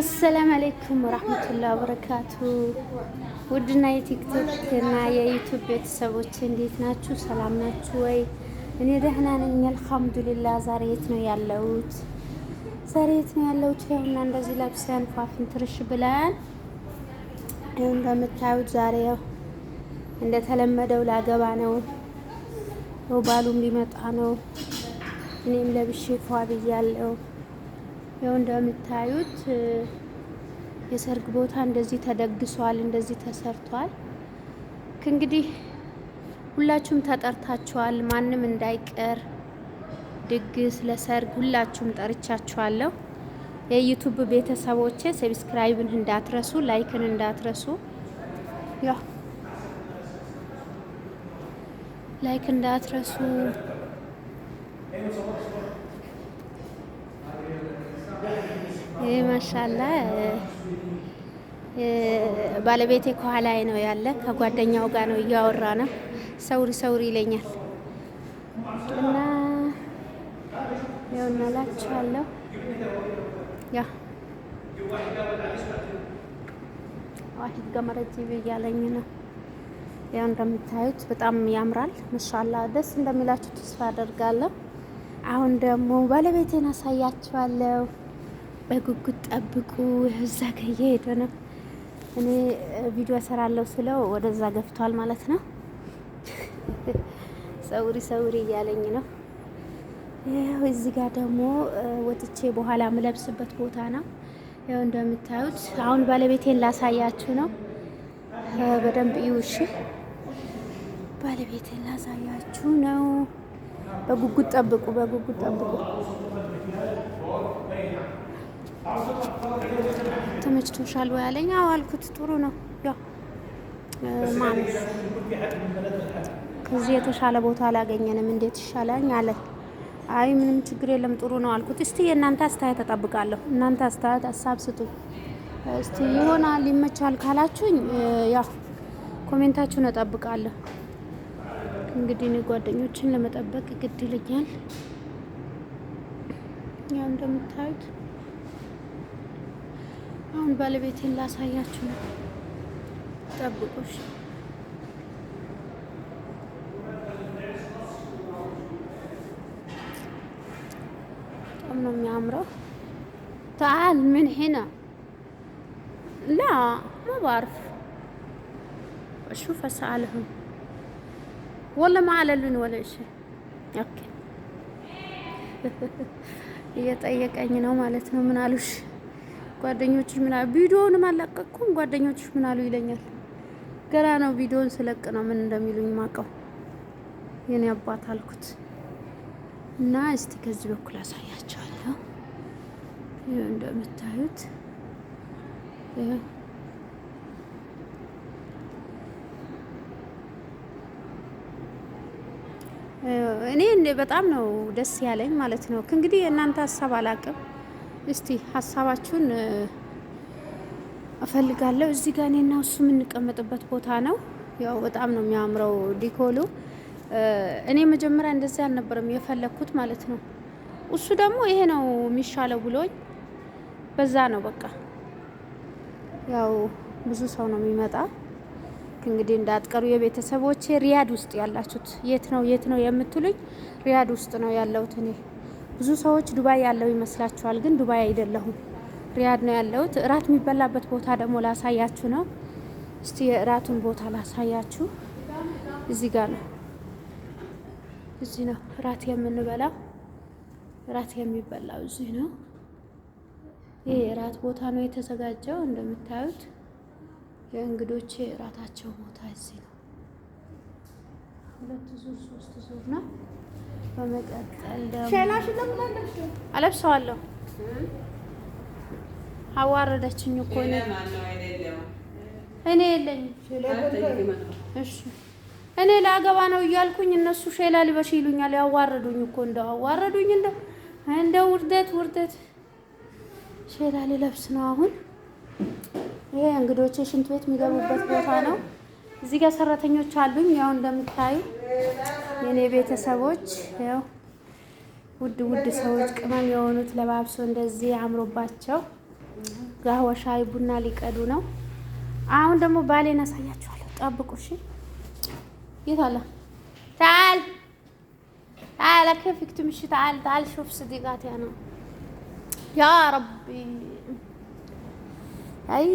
አሰላም አለይኩም ወራህመቱላሂ ወበረካቱ። ውድና የቲክቶክ እና የዩቲዩብ ቤተሰቦች እንዴት ናችሁ? ሰላም ናችሁ ወይ? እኔ ደህና ነኝ አልሐምዱሊላህ። ዛሬ የት ነው ያለሁት? ዛሬ የት ነው ያለሁት? ይኸውና እንደዚህ ለብሰን ፋፍን ትርሽ ብለን ይኸው እንደምታዩት ዛሬ ያው እንደተለመደው ላገባ ነው። ባሉም ሊመጣ ነው እኔም ለብሼ ፏ ብያለሁ። ያው እንደምታዩት የሰርግ ቦታ እንደዚህ ተደግሷል፣ እንደዚህ ተሰርቷል። ከእንግዲህ ሁላችሁም ተጠርታችኋል። ማንም እንዳይቀር ድግስ ለሰርግ ሁላችሁም ጠርቻችኋለሁ። የዩቱብ ቤተሰቦቼ ሰብስክራይብን እንዳትረሱ፣ ላይክን እንዳትረሱ። ያው ላይክ እንዳትረሱ። ማሻላ ባለቤቴ ከኋላ ነው ያለ፣ ከጓደኛው ጋር ነው እያወራ ነው። ሰውሪ ሰውሪ ይለኛል እና ያው እናላችኋለሁ ያ ዋሂድ ገመረጂ እያለኝ ነው። ያው እንደምታዩት በጣም ያምራል። ማሻላ ደስ እንደሚላችሁ ተስፋ አደርጋለሁ። አሁን ደግሞ ባለቤቴን አሳያችኋለሁ። በጉጉት ጠብቁ። እዛ ጋ እየሄደ ነው። እኔ ቪዲዮ ሰራለሁ ስለው ወደዛ ገፍቷል ማለት ነው። ሰውሪ ሰውሪ እያለኝ ነው። ያው እዚህ ጋር ደግሞ ወጥቼ በኋላ የምለብስበት ቦታ ነው። ያው እንደምታዩት አሁን ባለቤቴን ላሳያችሁ ነው። በደንብ ይውሽ ባለቤቴን ላሳያችሁ ነው። በጉጉት ጠብቁ፣ በጉጉት ጠብቁ። ተመችቶሻል ወይ አለኝ። አዎ አልኩት። ጥሩ ነው ያው ማለት ከዚህ የተሻለ ቦታ አላገኘንም፣ እንዴት ይሻላል አለኝ። አይ ምንም ችግር የለም ጥሩ ነው አልኩት። እስቲ የእናንተ አስተያየት ተጠብቃለሁ። እናንተ አስተያየት ሀሳብ ስጡ እስቲ ይሆናል ይመቻል ካላችሁኝ ያው ኮሜንታችሁን እጠብቃለሁ። እንግዲህ እኔ ጓደኞችን ለመጠበቅ ግድ ይለኛል። ያው እንደምታዩት አሁን ባለቤቴን ላሳያችሁ ነው። ጠብቁሽ በጣም ነው የሚያምረው። ተዓል ምን ሄና ላ ما بعرف اشوف هسه ወላ ማለሉን ወለ እሺ ኦኬ እየጠየቀኝ ነው ማለት ነው። ምን አሉሽ ጓደኞችሽ? ምን አሉ ቪዲዮውንም አላቀቅኩም። ጓደኞችሽ ምን አሉ ይለኛል። ገና ነው ቪዲዮውን ስለቅ ነው ምን እንደሚሉኝ ማቀው የኔ አባት አልኩት እና እስቲ ከዚህ በኩል አሳያቸዋለሁ እንደምታዩት እኔ በጣም ነው ደስ ያለኝ ማለት ነው። ከእንግዲህ የእናንተ ሀሳብ አላቅም። እስቲ ሀሳባችሁን እፈልጋለሁ። እዚህ ጋር እኔና እሱ የምንቀመጥበት ቦታ ነው። ያው በጣም ነው የሚያምረው ዲኮሉ። እኔ መጀመሪያ እንደዚህ አልነበረም የፈለግኩት ማለት ነው። እሱ ደግሞ ይሄ ነው የሚሻለው ብሎኝ በዛ ነው በቃ። ያው ብዙ ሰው ነው የሚመጣ እንግዲህ እንዳትቀሩ የቤተሰቦች ሪያድ ውስጥ ያላችሁት የት ነው የት ነው የምትሉኝ? ሪያድ ውስጥ ነው ያለሁት እኔ። ብዙ ሰዎች ዱባይ ያለው ይመስላችኋል፣ ግን ዱባይ አይደለሁም፣ ሪያድ ነው ያለሁት። እራት የሚበላበት ቦታ ደግሞ ላሳያችሁ ነው። እስቲ የእራቱን ቦታ ላሳያችሁ። እዚህ ጋር ነው፣ እዚህ ነው እራት የምንበላው። እራት የሚበላው እዚህ ነው። ይሄ እራት ቦታ ነው የተዘጋጀው እንደምታዩት የእንግዶቼ እራታቸው ቦታ እዚህ ነው። ሁለት ዙር ሶስት ዙር ነው። በመቀጠል ደግሞ አለብሰዋለሁ። አዋረደችኝ እኮ እኔ የለኝም። እሺ እኔ ለአገባ ነው እያልኩኝ እነሱ ሼላ ልበሽ ይሉኛል። ያዋረዱኝ እኮ እንደው አዋረዱኝ። እንደው እንደ ውርደት ውርደት ሼላ ልለብስ ነው አሁን ይሄ እንግዶች ሽንት ቤት የሚገቡበት ቦታ ነው። እዚህ ጋር ሰራተኞች አሉኝ። ያው እንደምታዩ የኔ ቤተሰቦች ያው ውድ ውድ ሰዎች ቅመም የሆኑት ለባብሶ እንደዚህ አምሮባቸው ጋህዋ ሻይ ቡና ሊቀዱ ነው። አሁን ደግሞ ባሌን አሳያችኋለሁ። ጠብቁ እሺ። የት አለ ታል ታል ከፊክቱ ምሽ ታል ታል ሹፍ ስዲቃት ያ ነው ያ ረቢ አይ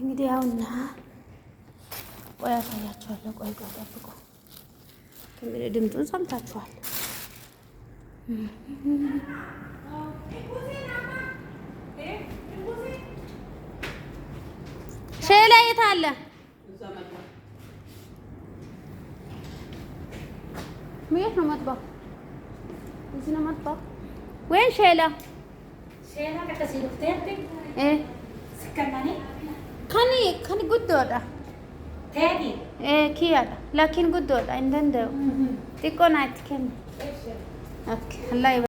እንግዲህ ያውና ቆይ አሳያችኋለሁ። ቆይ ቆይ ጠብቁ። እንግዲህ ድምፁን ሰምታችኋል። ሼላ የት አለ? የት ነው መጥባ እዚህ ነው መጥባው ወይን ሼላ Kani kani guddoodha. Kiyyaadha. Laakiin guddoodha hin danda'u. Xiqqoo naa itti kenna. Allah